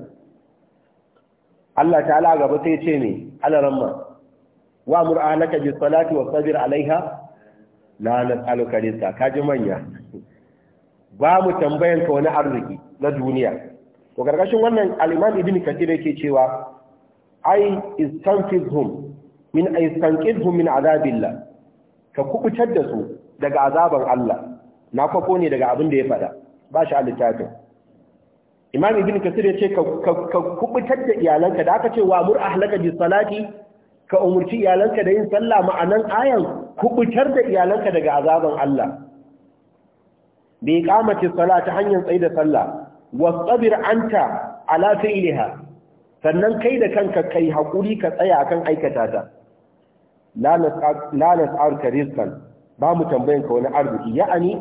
Allah ta'ala gaba sai ce ne alaramma wa mur'anaka bi salati wa sabir alaiha la nas'aluka rizqa kaji manya ba mu tambayanka ka wani arziki na duniya to gargashin wannan al-imam ibn kathir yake cewa ai istanfizhum min istanqidhum min azabillah ka kubutar da su daga azaban Allah na kwako ne daga abin da ya fada ba shi a littafin imam ibn kasir ya ce ka kubutar da iyalanka da aka ce wa mur ahlaka bi salati ka umurci iyalanka da yin sallah ma'anan ayan kubutar da iyalanka daga azaban Allah bi iqamati salati hanyar tsayi da sallah wasabir anta ala fi'liha sannan kai da kanka kai hakuri ka tsaya akan aikata ta la nas'aluka rizqan ba mu tambayan ka wani arziki ya'ani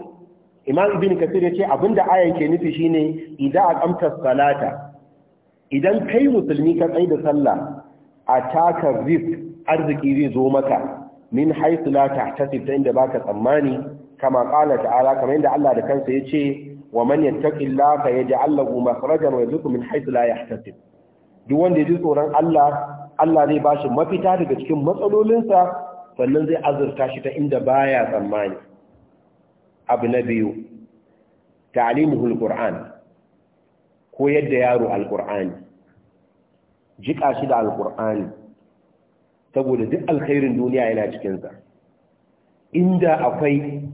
imam ibn kasir yace abinda ayan ke nufi shine idan aqamta salata idan kai musulmi ka tsaya da sallah ataka rizq arziki zai zo maka min haythu la tahtasib inda baka tsammani kama qala ta'ala kamar inda Allah da kansa yace wa man yattaqi Allah yaj'al lahu makhrajan wa yarzuqhu min haythu la yahtasib duk wanda ji tsoron Allah Allah zai bashi mafita daga cikin matsalolinsa sannan zai azurta shi ta inda baya tsammani abu na biyu ta'limuhu alquran ko yadda yaro alqur'ani jika shi da alqur'ani saboda duk alkhairin duniya yana cikin sa inda akwai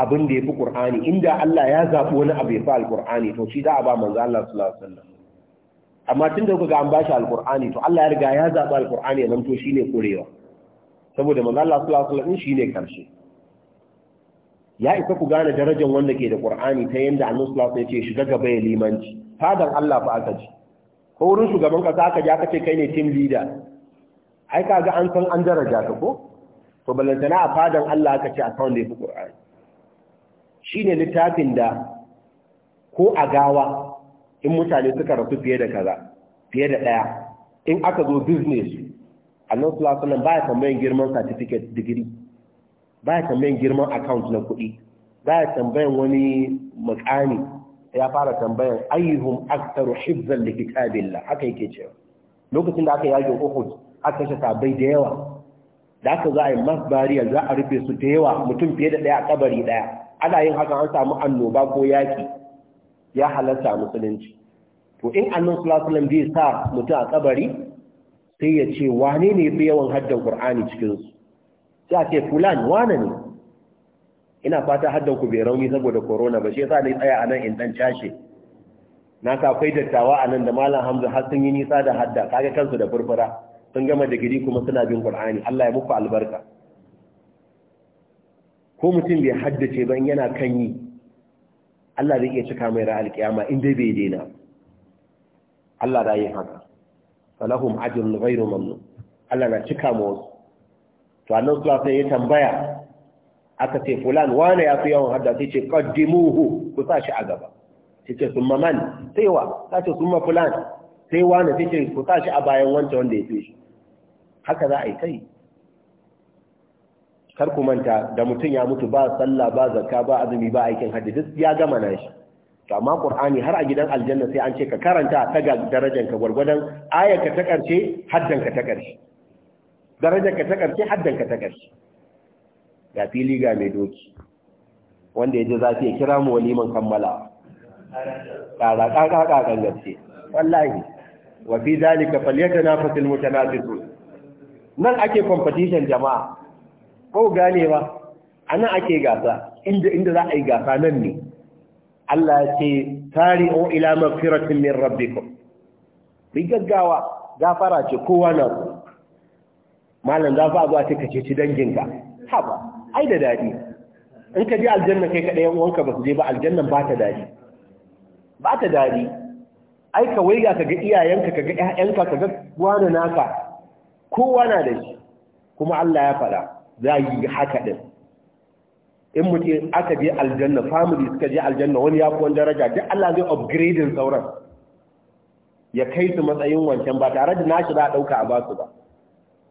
abin da ya fi ƙur'ani inda Allah ya zaɓi wani abu ya fi alƙur'ani to shi za a ba manzo Allah su alaihi amma tun da kuka an bashi alƙur'ani to Allah ya riga ya zaɓi alƙur'ani nan to ne ƙurewa saboda manzo Allah sallallahu alaihi shi ne ƙarshe ya isa ku gane darajar wanda ke da ƙur'ani ta yadda Allah sallallahu alaihi ya ce shiga gaba ya limanci fadar Allah fa aka ji ko wurin shugaban kasa aka ji aka ce kai ne team leader ai ka ga an san an daraja ka ko to balantana a fadan Allah aka ce a kawai da ya fi ƙur'ani shine littafin da ko a gawa in mutane suka rasu fiye da kaza fiye da ɗaya in aka zo business su sulasunan nan baya tambayin girman certificate degree baya tambayin girman account na kuɗi baya tambayin wani makani ya fara tambayin ayyuhum aktaru hibzan li kitabillah haka yake cewa lokacin da aka yage Uhud aka kashe sabai da yawa da aka za a yi mass bariya, za a rufe su da yawa mutum fiye da ɗaya a kabari ɗaya ana yin haka an samu annoba ko yaki ya halarta musulunci to in annan sulasulan zai sa mutum a kabari sai ya ce wane ne fi yawan haddan ƙur'ani cikinsu sai a ce fulan wane ne ina fata haddan ku bai rauni saboda korona ba shi yasa ne tsaya a nan in dan cashe na ka kai dattawa a nan da malam hamza har sun yi nisa da hadda kaga kansu da furfura sun gama digiri kuma suna bin ƙur'ani allah ya muku albarka ko mutum bai haddace ban yana kan yi Allah zai iya cika mai ra'al kiyama in dai bai daina Allah da yi haka falahum ajrun ghayru mamnun Allah na cika mu wasu to Allah zuwa sai ya tambaya aka ce fulan wane ya fi yawan hadda sai ce qaddimuhu ku sa shi a gaba sai ce summa man sai wa sai ce summa fulan sai wane sai ce ku sa shi a bayan wancan wanda ya fi shi haka za a yi kai kar ku manta da mutum ya mutu ba sallah ba zakka ba azumi ba aikin hajji duk ya gama na shi to amma qur'ani har a gidan aljanna sai an ce ka karanta ta ga darajar ka gwargwadon ayar ka ta karshe haddan ka ta karshe darajar ka ta karshe haddan ka ta karshe ga fili ga mai doki wanda ya ji zafi ya kira mu waliman kammala ƙara ƙaƙa ƙaƙan gaske wallahi wa fi zalika falyatanafasul mutanafisun nan ake competition jama'a ko ba, a nan ake gasa inda za a yi gasa nan ne Allah ya ce tari'u ila magfiratin min rabbikum bi gaggawa gafara ce kowa na ku malam za fa zuwa ce ka ceci danginka haba ai da dadi in ka je aljanna kai kaɗai yan uwanka ba su je ba aljannan ba ta dadi ba ta dadi ai ka waiga ka ga iyayenka ka ga ƴaƴanka ka ga wani naka kowa na da shi kuma Allah ya faɗa za yi haka ɗin. in mutum aka je aljanna family suka je aljanna wani ya kuwan daraja duk Allah zai upgrading sauran ya kai su matsayin wancan ba tare da nashi za a ɗauka a basu ba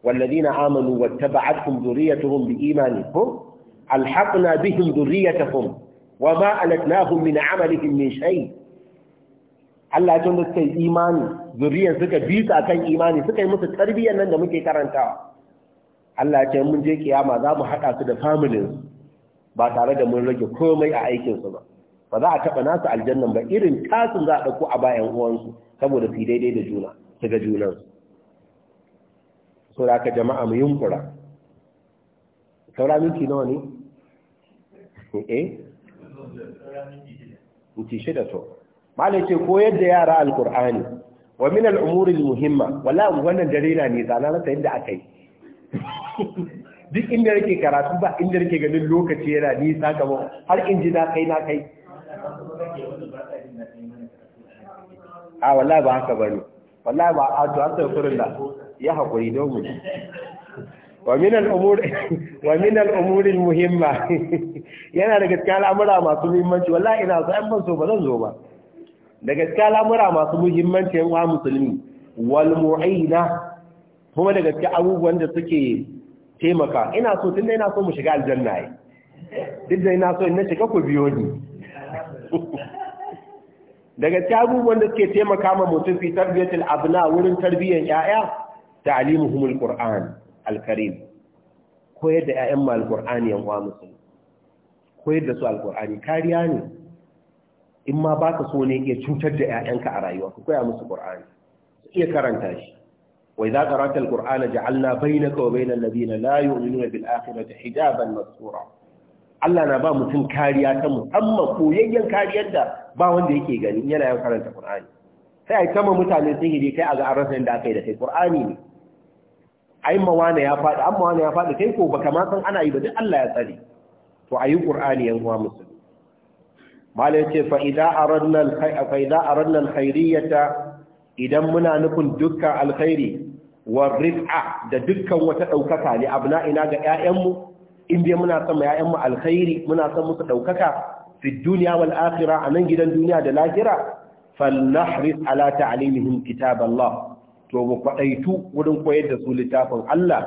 wallazina amanu wattaba'atkum dhurriyyatuhum biimani ko alhaqna bihim dhurriyyatahum wama alatnahum min amalihim min shay Allah ya tunda suka yi imani zuriyar suka bi su akan imani suka yi musu tarbiyyar nan da muke karantawa Allah ce mun je kiyama za mu haɗa su da family ba tare da mun rage komai a aikinsu ba ba za a taɓa nasu aljannan ba irin tasin za a ɗauko a bayan uwansu saboda su daidai da juna su ga junan so da aka jama'a mu yunkura saura minti nawa ne eh minti shida to malai ce koyar da yara alkur'ani wa min al'umuri muhimma wala wannan dare na ne tsana rasa yadda aka yi duk inda yake karatu ba inda yake ganin lokaci yana nisa gaba har in ji na kai na kai a wala ba haka ne wala ba a to astaghfirullah ya hakuri don mu wa min al-umur wa min al-umur al-muhimma yana daga cikin al'amura masu muhimmanci wallahi ina so an ban so ba zan zo ba daga cikin al'amura masu muhimmanci yan wa musulmi wal mu'ina kuma daga cikin abubuwan da suke taimaka ina so da ina so mu shiga aljanna yi duk da ina so in na shiga ku biyo ni daga cikin abubuwan da suke taimaka ma mutum fi tarbiyatul abna wurin tarbiyyar yaya ta'limuhumul qur'an alkarim koyar da ƴaƴan mu alqur'ani yan uwa musulmi koyar da su alqur'ani kariya ne in ma baka so ne ya cutar da ƴaƴanka a rayuwa ku koya musu qur'ani iya karanta shi wa idza qara'ta al-qur'ana ja'alna bainaka wa bainal ladina la yu'minuna bil akhirati hijaban Allah na ba mutum kariya ta musamman koyayyen kariyar da ba wanda yake gani yana yawan karanta Qur'ani sai ai kama mutane sun hiri kai a ga an da inda aka yi da kai Qur'ani ne ai mawana ya faɗi amma wani ya faɗi kai ko baka ma san ana yi ba duk Allah ya tsare to ayi Qur'ani yan uwa musulmi malai ce fa idza aradna al-khayra fa idza aradna al-khayriyata idan muna nufin dukkan alkhairi wa da dukkan wata daukaka ne abna ina ga ƴaƴanmu in dai muna son ƴaƴanmu alkhairi muna son musu daukaka fi dunya wal a anan gidan duniya da lahira falnahris ala ta'limihim kitab Allah to mu kwadaitu wurin koyar da su littafin Allah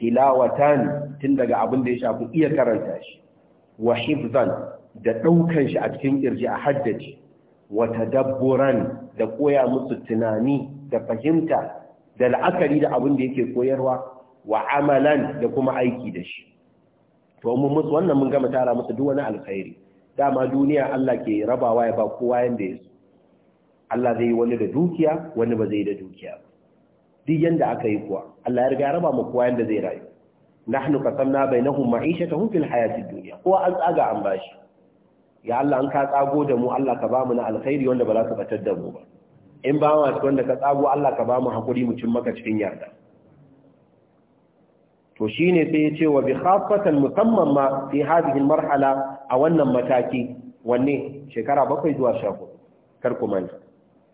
tilawatan tun daga abin da ya shafi iya karanta shi wa hifzan da daukan shi a cikin ƙirji a haddace wata dabburan da koya musu tunani da fahimta da la'akari da abin da yake koyarwa wa amalan da kuma aiki da shi to mun musu wannan mun gama tara musu duk wani alkhairi dama duniya Allah ke rabawa ya ba kowa yanda ya so Allah zai yi wani da dukiya wani ba zai da dukiya ba duk yanda aka yi kuwa Allah ya riga ya raba mu kowa yanda zai rayu nahnu qasamna bainahum ma'ishatahum fil hayatid dunya kowa an tsaga an bashi ya Allah an ka tsago da mu Allah ka ba mu na alkhairi wanda ba za su batar da mu ba in ba mu wanda ka tsago Allah ka ba mu hakuri mu cin maka cikin yarda to shine sai ya ce wa bi khafatan musamman ma fi hadhihi marhala a wannan mataki wanne shekara bakwai zuwa hudu kar ku manta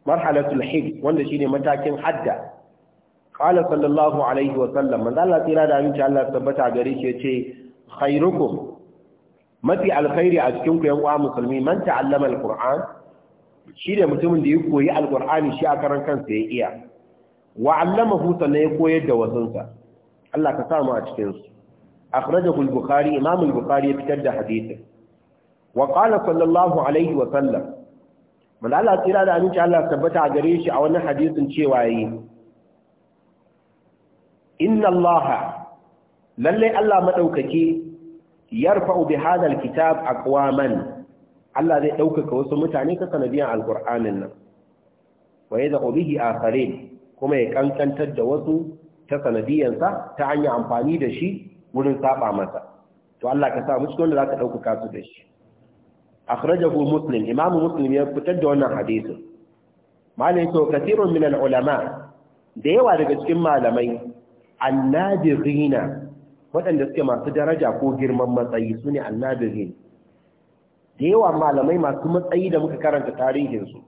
marhalatul hijj wanda shine matakin hadda qala sallallahu alaihi wa sallam manzo Allah tira da aminci Allah tabbata gare shi ya ce khairukum mafi alkhairi a cikin ku yan uwa musulmi man ta'allama alquran shi da mutumin da ya koyi alqur'ani shi a karan kansa ya iya wa 'allamahu sannan ya koyar da wasunsa Allah ka sa mu a cikin su akhrajahu al-bukhari imam al-bukhari ya fitar da hadisin wa qala sallallahu alaihi wa sallam man Allah tsira da aminci Allah tabbata a gare shi a wannan hadisin cewa yi inna Allah lalle Allah madaukake yarfa'u bi hadha alkitab aqwaman Allah zai ɗaukaka wasu mutane ta sanadiyan alqur'anin nan wa ubihi bihi akharin kuma ya kankantar da wasu ta sanadiyan sa ta hanyar amfani da shi wurin saba masa to Allah ka sa mu wanda zaka ɗaukaka su da shi akhrajahu muslim imamu muslim ya fitar da wannan hadisin malai to kathirun min ulama da yawa daga cikin malamai annabirina waɗanda suke masu daraja ko girman matsayi su ne annabirin da yawa malamai masu matsayi da muka karanta tarihinsu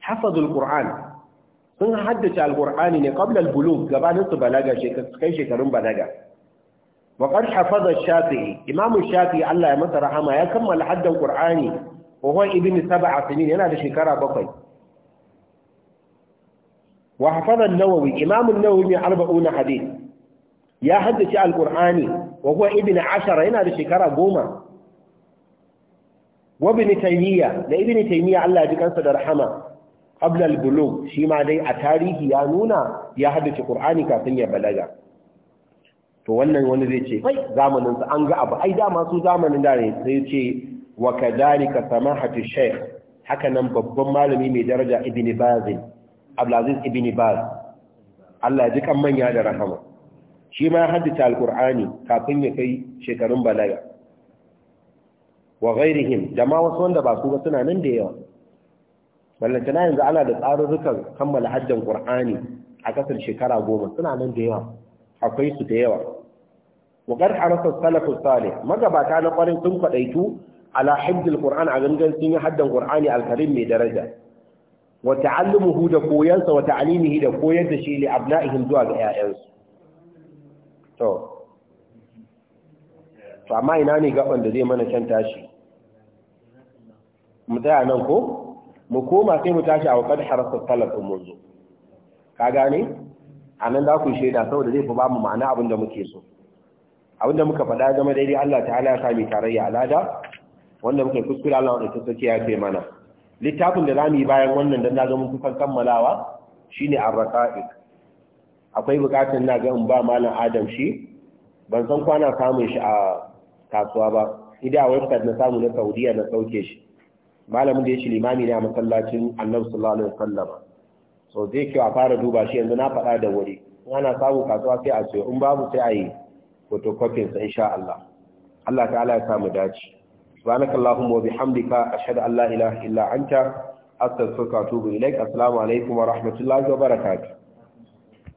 hafazul qur'an sun haddace alqur'ani ne qabla albulugh gabanin su balaga kai shekarun balaga wa qad hafaza shafi'i imamu shafi'i Allah ya masa rahama ya kammala haddan ƙur'ani, wa huwa ibn sab'a sinin yana da shekara bakwai wa hafaza an-nawawi imamu an-nawawi 40 hadith ya haddace alqur'ani wa huwa ibn ashara yana da shekara goma wa ibn taymiya da ibn taymiya Allah ya ji kansa da rahama qabla al-bulugh shi ma dai a tarihi ya nuna ya haddace qur'ani kafin ya balaga to wannan wani zai ce kai zamanin sa an ga abu ai dama su zamanin da ne sai ce wa kadhalika samahatu shaykh haka nan babban malami mai daraja ibn baz abdulaziz ibn baz Allah ya ji kan manya da rahama shi ma haddace alkur'ani kafin ya kai shekarun balaga wa ghairihim da ma wasu wanda ba su ba suna nan da yawa na yanzu ana da tsarurrukan kammala haddan qur'ani a kasar shekara goma suna nan da yawa akwai su da yawa wa qad salafus salih magabata na ƙwarin sun kwadaitu ala hajjil qur'an a gangan sun yi haddan qur'ani alkarim mai daraja wa ta'allumuhu da koyansa wa alimihi da koyar da shi li abna'ihim zuwa ga 'ya'yansu to to amma ina ne gaban da zai mana can tashi mu tsaya nan ko mu koma sai mu tashi a wakar harasa talafin in mun zo ka gane a nan za ku shaida saboda zai fi ba mu ma'ana abin da muke so abin da muka faɗa zama daidai Allah ta'ala ya sami tarayya alada wanda muka kuskura Allah wanda ta ya kai mana littafin da za mu yi bayan wannan don na zama kusan kammalawa shine a akwai bukatun na ga in ba malam adam shi ban san kwana samun shi a kasuwa ba idan a na samu na saudiya na sauke shi malamin da ya ce limami ne a masallacin annabi sallallahu alaihi wasallam so zai kyau a fara duba shi yanzu na faɗa da wuri in ana samu kasuwa sai a ce in babu sai a yi photocopy sa insha Allah Allah ta'ala ya samu dace subhanaka allahumma wa bihamdika ashhadu an la ilaha illa anta astaghfiruka wa atubu ilaik assalamu alaikum wa rahmatullahi wa barakatuh